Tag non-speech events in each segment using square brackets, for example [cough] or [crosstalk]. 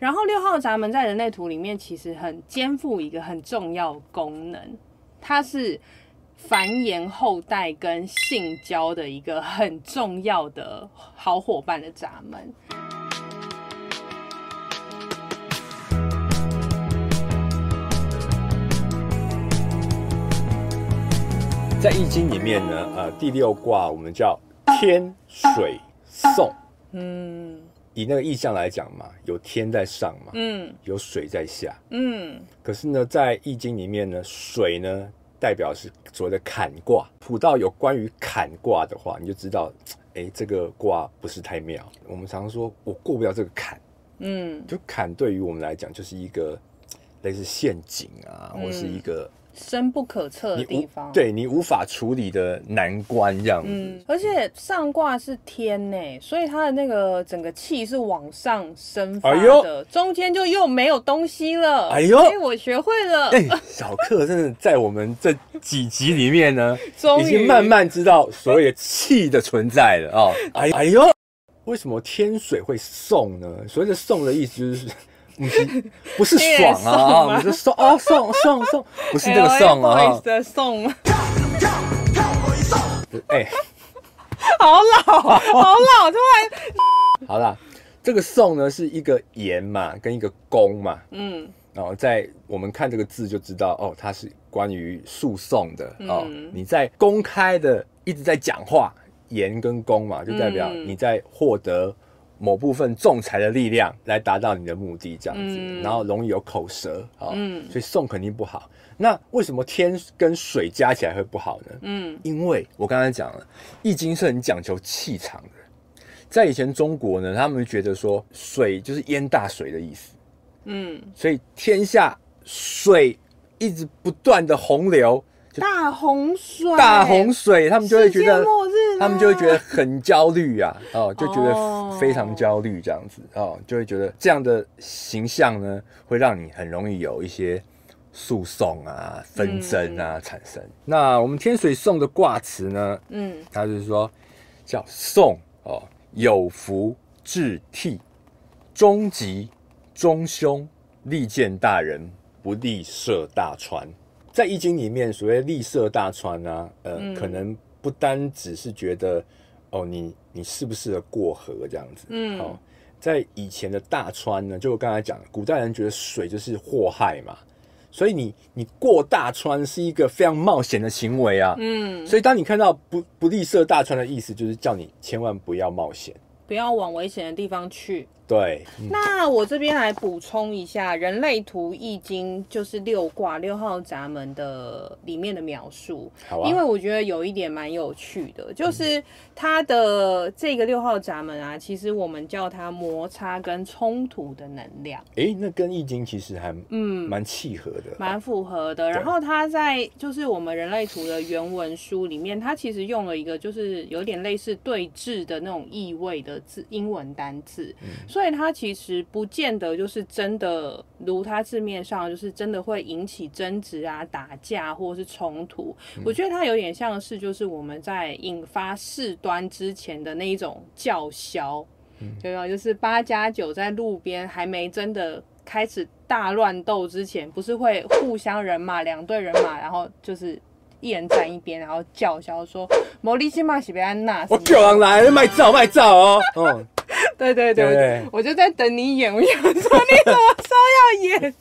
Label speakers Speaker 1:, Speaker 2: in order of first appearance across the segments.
Speaker 1: 然後六號閘門在人類圖裡面其實很肩負一個很重要功能，它是繁衍後代跟性交的一個很重要的好夥伴的閘門。
Speaker 2: 在易經裡面呢，呃，第六卦我們叫天水訟。嗯。以那個意象來講嘛，有天在上嘛，嗯，有水在下，嗯，可是呢，在易經裡面呢，水呢代表是所謂的坎卦。卜到有關於坎卦的話，你就知道，哎、欸，這個卦不是太妙。我們常說，我過不了這個坎，嗯，就坎對於我們來講，就是一個類似陷阱啊，或是一個。
Speaker 1: 深不可測的地方，你對
Speaker 2: 你無法處理的難關，這樣，
Speaker 1: 嗯，而且上卦是天呢、欸，所以它的那個整個氣是往上升發哎的，哎呦，中間就又沒有東西了。哎呦！所以我學會了。哎、欸，
Speaker 2: 小克真的在我們這幾集裡面呢， [laughs] 終於已經慢慢知道所謂的氣的存在了啊、哦。哎呦哎呦，為什麼天水會訟呢？所以就送了一隻。
Speaker 1: [laughs] 不是，爽啊，啊！不是訟、啊。哦， [laughs] 訟訟訟，訟，不是這個訟啊，啊！訟。哎， [music] 好老啊，好老！突然，好
Speaker 2: 了，這個“訟”呢，是一個“言”嘛，跟一個“公”嘛。嗯，然後、哦、在我們看這個字就知道，哦，它是關於訴訟的哦。嗯、你在公開的一直在講話，“言”跟“公”嘛，就代表你在獲得。某部分仲裁的力量來達到你的目的，這樣子，嗯、然後容易有口舌，哦、嗯、所以訟肯定不好。那為什麼天跟水加起來會不好呢？嗯，因為我剛才講了，《易經》是很講求氣場的，在以前中國呢，他們覺得說水就是淹大水的意思，嗯，所以天下水一直不斷的洪流。
Speaker 1: 大洪水，大洪
Speaker 2: 水，他們就會覺得，啊、他們就會覺得很焦慮啊， [laughs] 哦，就覺得非常焦慮這樣子，oh. 哦，就會覺得這樣的形象呢，會讓你很容易有一些訴訟啊、紛爭啊、嗯、產生。那我們天水訟的卦辭呢，嗯，他就是說叫“訟”哦，有孚窒惕，中吉，終凶，利見大人，不利涉大川。在易經裡面，所謂利涉大川呢、啊，呃嗯、可能不單只是覺得，哦，你你適不適合過河這樣子。嗯，好、哦，在以前的大川呢，就我剛才講，古代人覺得水就是禍害嘛，所以你你過大川是一個非常冒險的行為啊。嗯，所以當你看到不不利涉大川的意思，就是叫你千萬不要冒險，
Speaker 1: 不要往危險的地方去。
Speaker 2: 對，嗯、那
Speaker 1: 我這邊來補充一下，人類圖易經就是六卦六號閘門的裡面的描述。好啊，因為我覺得有一點蠻有趣的，就是它的這個六號閘門啊，嗯、其實我們叫它摩擦跟衝突的能量。
Speaker 2: 哎、欸，那跟易經其實還蠻嗯蠻契合的，
Speaker 1: 蠻符合的。啊、然後它在就是我們人類圖的原文書裡面，對它其實用了一個就是有點類似對峙的那種意味的字，英文單字。嗯因為它其實不見得就是真的，如它字面上就是真的會引起爭執啊、打架或者是衝突。嗯、我覺得它有點像是就是我們在引發事端之前的那一種叫囂，對吧、嗯？就是八加九在路邊還沒真的開始大亂鬥之前，不是會互相人馬兩隊人馬，然後就是一人站一邊，然後叫囂說：“莫你起碼是被安哪？”我叫人
Speaker 2: 來賣照，賣照哦。哦 [laughs]
Speaker 1: 對對對，對對對我就在等你演。我想說你怎麼說要演？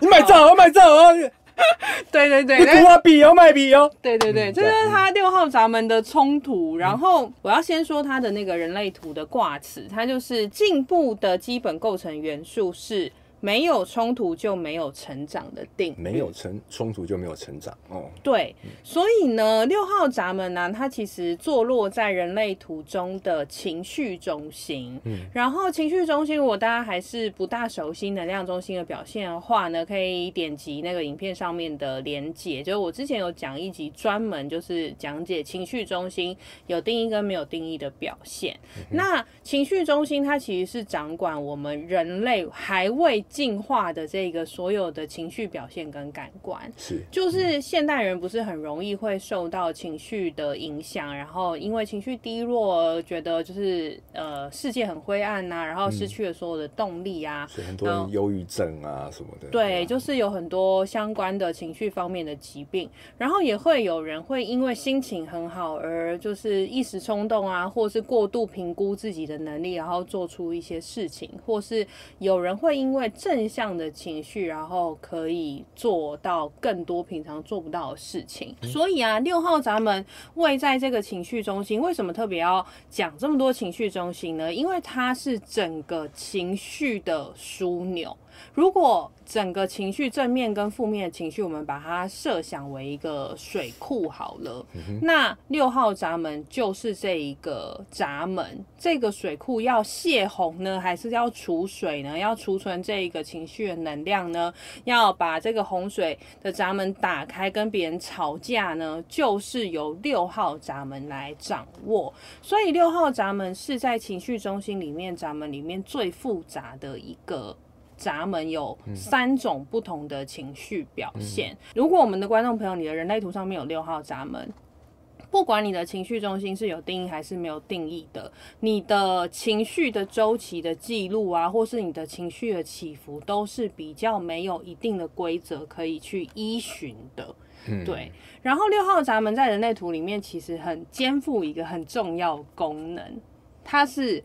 Speaker 1: 你買賬哦、啊，買賬哦。 [laughs] 對，對對對， [laughs] 你塗啊筆哦買筆哦， [laughs] 哦對對對，嗯、這就是他六號閘門的衝突。嗯、然後我要先說他的那個人類圖的卦辭，嗯、他就是進步的基本構成元素是。沒有衝突就沒有成長的定，沒有
Speaker 2: 衝衝突就沒有成長哦。
Speaker 1: 對，嗯、所以呢，六號閘門呢、啊，它其實坐落在人類圖中的情緒中心。嗯，然後情緒中心，我大家還是不大熟悉能量中心的表現的話呢，可以點擊那個影片上面的連結，就是我之前有講一集專門就是講解情緒中心有定義跟沒有定義的表現。嗯、哼那情緒中心它其實是掌管我們人類還未。進化的這個所有的情緒表現跟感官，是就是現代人不是很容易會受到情緒的影響，然後因為情緒低落，而覺得就是呃世界很灰暗啊，然後失去了所有的動力啊，很多
Speaker 2: 憂鬱症啊什麼的，對，
Speaker 1: 就是有很多相關的情緒方面的疾病，然後也會有人會因為心情很好而就是一時衝動啊，或是過度評估自己的能力，然後做出一些事情，或是有人會因為正向的情緒，然後可以做到更多平常做不到的事情。所以啊，六號閘門位在這個情緒中心，為什麼特別要講這麼多情緒中心呢？因為它是整個情緒的樞紐。如果整個情緒正面跟負面的情緒，我們把它設想為一個水庫好了，那六號閘門就是這一個閘門。這個水庫要洩洪呢，還是要儲水呢？要儲存這一個情緒的能量呢？要把這個洪水的閘門打開，跟別人吵架呢？就是由六號閘門來掌握。所以六號閘門是在情緒中心裡面，閘門裡面最複雜的一個。閘門有三種不同的情緒表現。嗯、如果我們的觀眾朋友，你的人類圖上面有六號閘門，不管你的情緒中心是有定義還是沒有定義的，你的情緒的週期的記錄啊，或是你的情緒的起伏，都是比較沒有一定的規則可以去依循的。對。嗯、然後六號閘門在人類圖裡面其實很肩負一個很重要功能，它是。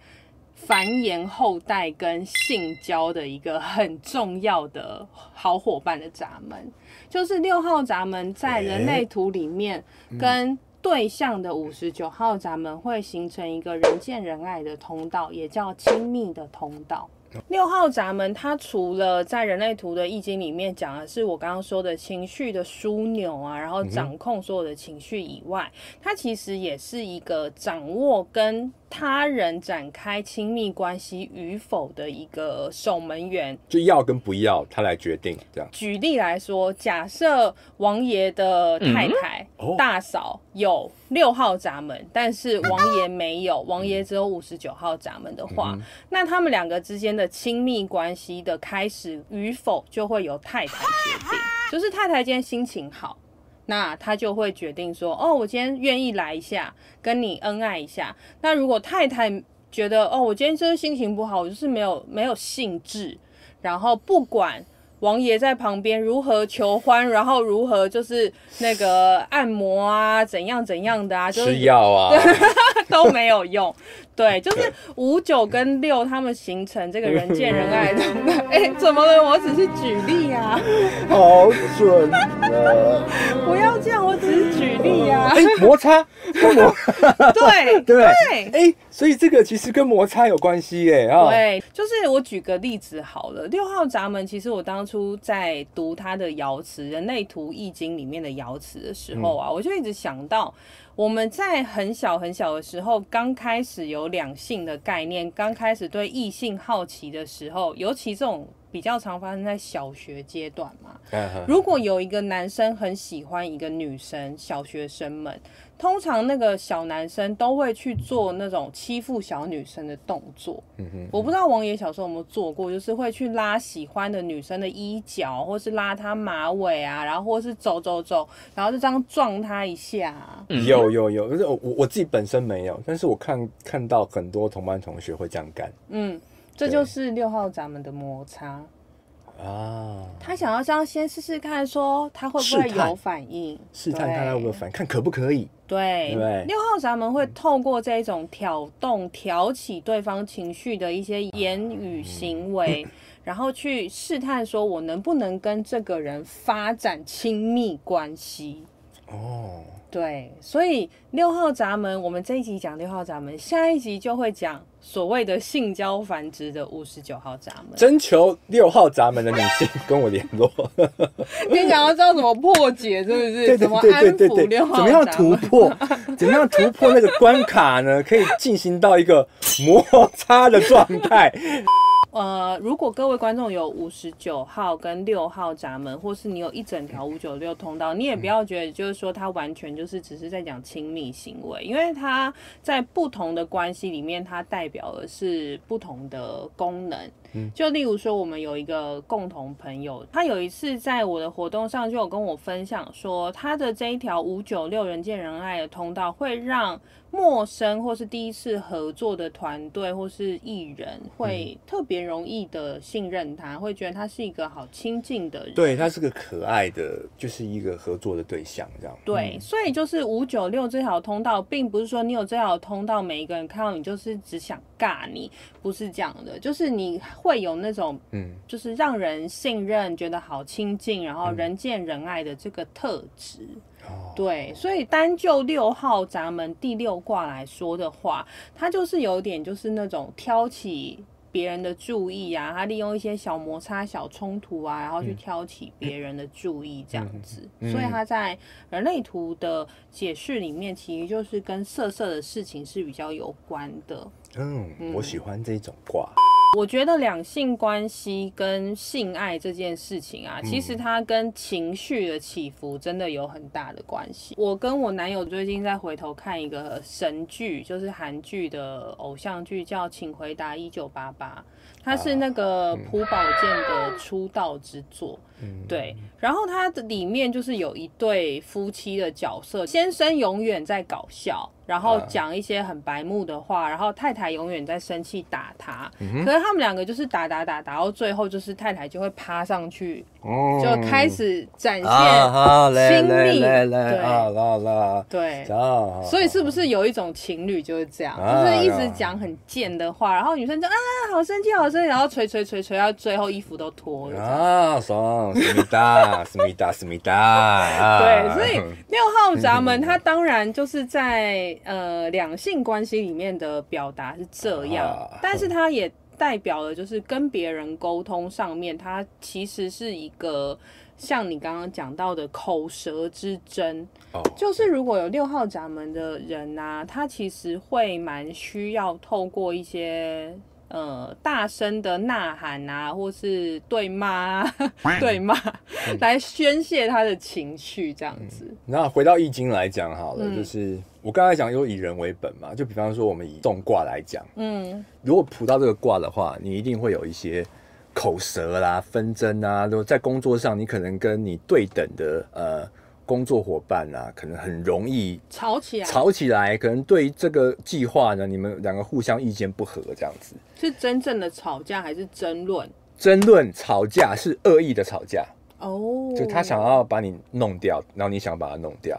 Speaker 1: 繁衍後代跟性交的一個很重要的好夥伴的閘門，就是六號閘門，在人類圖裡面跟對象的五十九號閘門會形成一個人見人愛的通道，也叫親密的通道。六號閘門它除了在人類圖的易經裡面講的是我剛剛說的情緒的樞紐啊，然後掌控所有的情緒以外，它其實也是一個掌握跟。他人展開親密關係與否的一個守門員，
Speaker 2: 就要跟不要他來決定。這樣，舉
Speaker 1: 例來說，假設王爺的太太、嗯、大嫂有六號閘門，嗯、但是王爺沒有，嗯、王爺只有五十九號閘門的話，嗯、那他們兩個之間的親密關係的開始與否，就會由太太決定。 [laughs] 就是太太今天心情好。那他就會決定說，哦，我今天願意來一下，跟你恩愛一下。那如果太太覺得，哦，我今天真的心情不好，我就是沒有沒有興致，然後不管王爺在旁邊如何求歡，然後如何就是那個按摩啊，怎樣怎樣的啊，吃藥啊， [laughs] 都沒有用。 [laughs] 對，就是五九跟六，他們形成這個人見人愛的。哎、欸，怎麼了？我只是舉例呀、啊。
Speaker 2: 好準！
Speaker 1: [laughs] 不要這樣，我只是舉例啊。哎、欸，摩
Speaker 2: 擦，摩擦。 [laughs] 對對哎對、欸，所以這個其實跟摩擦有關係耶、欸。啊、
Speaker 1: 對，就是我舉個例子好了。六號閘門，其實我當初在讀他的《爻辭人類圖易經》裡面的爻辭的時候啊，嗯、我就一直想到，我們在很小很小的時候，剛開始有。兩性的概念，剛開始對異性好奇的時候，尤其這種。比較常發生在小學階段嘛。啊、呵呵，如果有一個男生很喜歡一個女生，小學生們通常那個小男生都會去做那種欺負小女生的動作。嗯哼嗯，我不知道王爺小時候有沒有做過，就是會去拉喜歡的女生的衣角，或是拉她馬尾啊，然後或是走走走，然後就這樣撞她一下。啊，有
Speaker 2: 有有，可是我我自己本身沒有，但是我看看到很多同班同學會這樣幹。
Speaker 1: 嗯，這就是六號閘門的摩擦。
Speaker 2: 啊，
Speaker 1: 他想要這樣先先試試看，說他會不會有反應，試探看他有沒有
Speaker 2: 反應，應對看可不可以。
Speaker 1: 對，對六號閘門會透過這一種挑動、挑起對方情緒的一些言語行為，嗯嗯嗯、然後去試探，說我能不能跟這個人發展親密關係。哦。對，所以六號閘門，我們這一集講六號閘門，下一集就會講所謂的性交繁殖的五十九號閘門。徵
Speaker 2: 求六號閘門的女性跟我聯絡。
Speaker 1: 你 [laughs] 講要知道怎麼破解，是不是？對對對對對對，怎麼樣突
Speaker 2: 破？ [laughs] 怎麼樣突破那個關卡呢？可以進行到一個摩擦的狀態。
Speaker 1: 呃，如果各位觀眾有五十九號跟六號閘門，或是你有一整條五九六通道，你也不要覺得就是說它完全就是只是在講親密行為，因為它在不同的關係裡面，它代表的是不同的功能。嗯，就例如說，我們有一個共同朋友，他有一次在我的活動上就有跟我分享說，他的這一條五九六人見人愛的通道，會讓陌生或是第一次合作的團隊或是藝人會特別。容易的信任他，會覺得他是一個好親近的人，對，他
Speaker 2: 是個可愛的，就是一個合作的對象，這樣對。
Speaker 1: 所以就是五九六這條通道，並不是說你有這條通道，每一個人看到你就是只想尬你，不是這樣的，就是你會有那種嗯，就是讓人信任，嗯、覺得好親近，然後人見人愛的這個特質，嗯、對。所以單就六號閘門第六卦來說的話，他就是有點就是那種挑起。別人的注意啊，他利用一些小摩擦、小衝突啊，然後去挑起別人的注意，這樣子。嗯，嗯，所以他在人類圖的解釋裡面，其實就是跟色色的事情是比較有關的。
Speaker 2: 嗯，嗯，我喜歡這種卦。
Speaker 1: 我覺得兩性關係跟性愛這件事情啊，嗯，其實它跟情緒的起伏真的有很大的關係。我跟我男友最近在回頭看一個神劇，就是韓劇的偶像劇，叫《請回答一九八八》。他是那個朴寶劍的出道之作，嗯、對。然後它的裡面就是有一對夫妻的角色，先生永遠在搞笑，然後講一些很白目的話，然後太太永遠在生氣打他。嗯、可是他們兩個就是打打打打到最後，就是太太就會趴上去，嗯、就開始展現親密。對，啊、
Speaker 2: 嘞嘞對，所以是
Speaker 1: 不是有一種情侶就是這樣，啊、就是一直講很賤的話，然後女生就啊好生氣。好像垂垂垂垂，然後捶捶捶捶到最後衣服都脫了啊！
Speaker 2: 爽，斯密達，斯密達，斯密達。對，所以六號閘
Speaker 1: 門，它當然就是在呃兩性關係裡面的表達是這樣，啊嗯、但是它也代表了就是跟別人溝通上面，它其實是一個像你剛剛講到的口舌之爭。Oh. 就是如果有六號閘門的人吶、啊，他其實會蠻需要透過一些。呃，大聲的吶喊啊，或是對罵、 [laughs] 對罵、嗯、來宣泄他的情緒，這樣子、嗯。
Speaker 2: 那回到易經來講，好了，嗯、就是我剛才講又以人為本嘛，就比方說我們以訟卦來講，嗯，如果卜到這個卦的話，你一定會有一些口舌啦、紛爭啊。就在工作上，你可能跟你對等的呃。工作夥伴啊，可能很容易
Speaker 1: 吵起來，吵
Speaker 2: 起來，可能對於這個計劃呢，你們兩個互相意見不合，這樣子
Speaker 1: 是真正的吵架還是爭論？
Speaker 2: 爭論、吵架是惡意的吵架
Speaker 1: 哦，就他
Speaker 2: 想要把你弄掉，然後你想把他弄掉，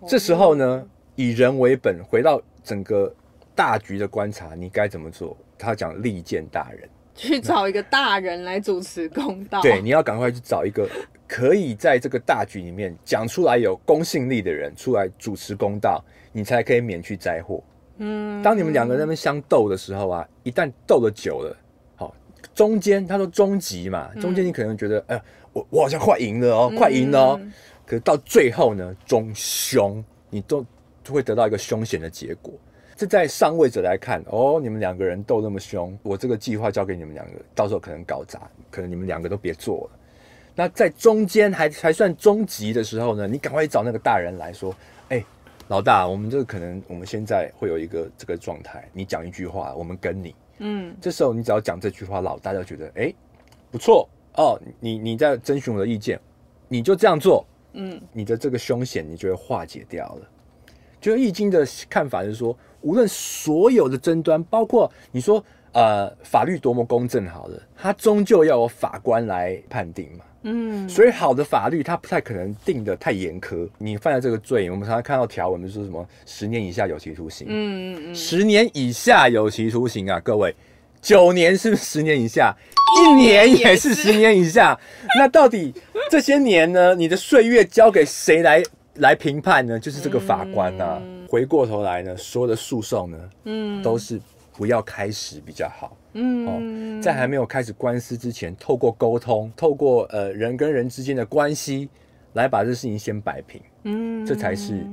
Speaker 2: 哦、這時候呢，以人為本，回到整個大局的觀察，你該怎麼做？他講利見大人。
Speaker 1: 去找一個大人來主持公道，嗯。對，
Speaker 2: 你要趕快去找一個可以在這個大局裡面講出來有公信力的人出來主持公道，你才可以免去災禍。嗯，當你們兩個人在那邊相鬥的時候啊，一旦鬥的久了，好，中間他說中吉嘛，中間你可能覺得，嗯、哎，我我好像快贏了哦，快贏了哦，嗯、可是到最後呢，終凶，你都會得到一個凶險的結果。是在上位者來看，哦，你們兩個人鬥那麼凶，我這個計劃交給你們兩個，到時候可能搞砸，可能你們兩個都別做了。那在中間還還算終極的時候呢，你趕快找那個大人來說，哎、欸，老大，我們這可能我們現在會有一個這個狀態，你講一句話，我們跟你，嗯，這時候你只要講這句話，老大就覺得，哎、欸，不錯哦，你你在徵詢我的意見，你就這樣做，嗯，你的這個凶險你就會化解掉了。嗯、就《易經》的看法就是說。無論所有的爭端，包括你說呃法律多麼公正，好了，它終究要有法官來判定嘛。嗯，所以好的法律它不太可能定得太嚴苛。你犯了這個罪，我們常常看到條文就是什麼？十年以下有期徒刑。嗯
Speaker 1: 嗯嗯。嗯，
Speaker 2: 十年以下有期徒刑啊，各位，九年是不是十年以下？一年也是十年以下。嗯、 [laughs] 那到底這些年呢？你的歲月交給誰來來評判呢？就是這個法官啊。嗯回過頭來呢，所有的訴訟呢，嗯，都是不要開始比較好，嗯，哦，在還沒有開始官司之前，透過溝通，透過呃人跟人之間的關係，來把這事情先擺平，
Speaker 1: 嗯，這才是。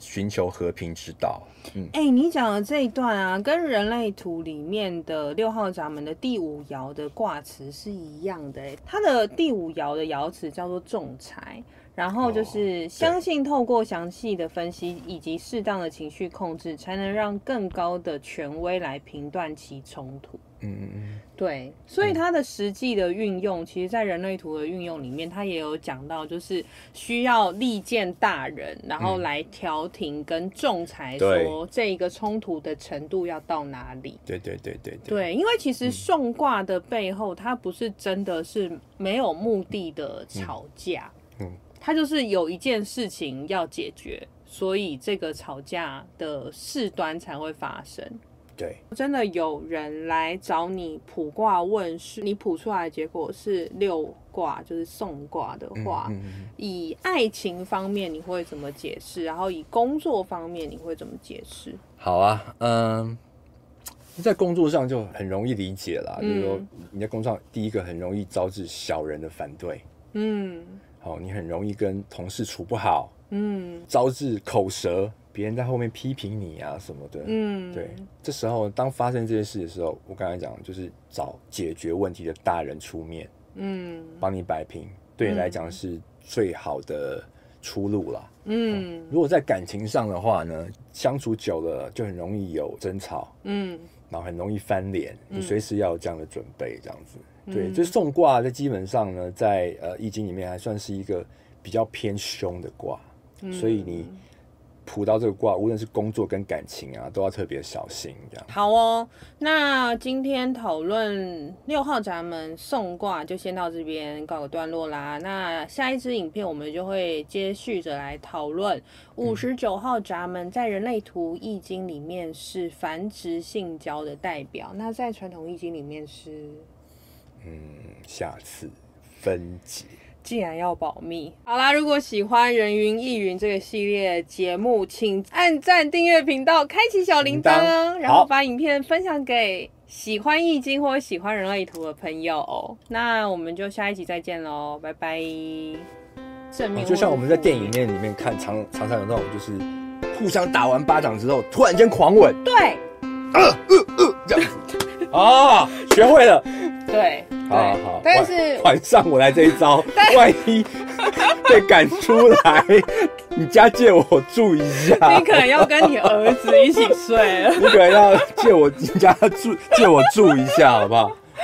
Speaker 2: 尋求和平之道。嗯，
Speaker 1: 哎、欸，你講的這一段啊，跟《人類圖》裡面的六號閘門的第五爻的卦辭，是一樣的、欸。哎，它的第五爻的爻詞叫做仲裁，然後就是相信透過詳細的分析以及適當的情緒控制，才能讓更高的權威來評斷其衝突。嗯，對，所以它的實際的運用，嗯、其實在人類圖的運用裡面，它也有講到，就是需要利見大人，然後來調停跟仲裁，說這一個衝突的程度要到哪裡。對對
Speaker 2: 對對對，對，
Speaker 1: 對，因為其實訟卦的背後，它不是真的是沒有目的的吵架，嗯，它、嗯嗯、就是有一件事情要解決，所以這個吵架的事端才會發生。對，真的有人來找你卜卦問事，你卜出來的結果是六卦，就是訟卦的話，嗯嗯、以愛情方面你會怎麼解釋？然後以工作方面你會怎麼解釋？
Speaker 2: 好啊，嗯，在工作上就很容易理解了，嗯、就是說你在工作上第一個很容易招致小人的反對，嗯，好、哦，你很容易跟同事處不好，嗯，招致口舌。別人在後面批評你啊什麼的，嗯，對，這時候當發生這些事的時候，我剛才講就是找解決問題的大人出面，嗯，幫你擺平，對你來講是最好的出路了，嗯。嗯，如果在感情上的話呢，相處久了就很容易有爭吵，嗯，然後很容易翻臉，你隨時要有這樣的準備，這樣子。嗯、對，就訟卦在基本上呢，在呃《易經》裡面還算是一個比較偏凶的卦，嗯、所以你。卜到這個卦，無論是工作跟感情啊，都要特別小心。這樣
Speaker 1: 好哦。那今天討論六號閘門訟卦，就先到這邊告個段落啦。那下一支影片我們就會接續着來討論五十九號閘門，在人類圖易經裡面是繁殖性交的代表。嗯、那在傳統易經裡面是，
Speaker 2: 嗯，下次分解。
Speaker 1: 既然要保密。好啦，如果喜歡《人云易云》這個系列節目，請按讚、訂閱頻道、開啟小鈴鐺，鈴鐺然後把影片分享給喜歡易經或喜歡人類圖的朋友。好那我們就下一集再見嘍，拜拜！你就像我們
Speaker 2: 在電影院裡面看，常常常有那種就是互相打完巴掌之後，突然間狂吻。對。啊！學會了。對，好、啊、好。對但是晚，晚上我來這一招，但是 萬一被趕出來， [laughs] 你家借我住一下好好。你可能要跟你兒子
Speaker 1: 一起睡。
Speaker 2: 你可能要借我 [laughs] 你家住，借我住一下，好不好？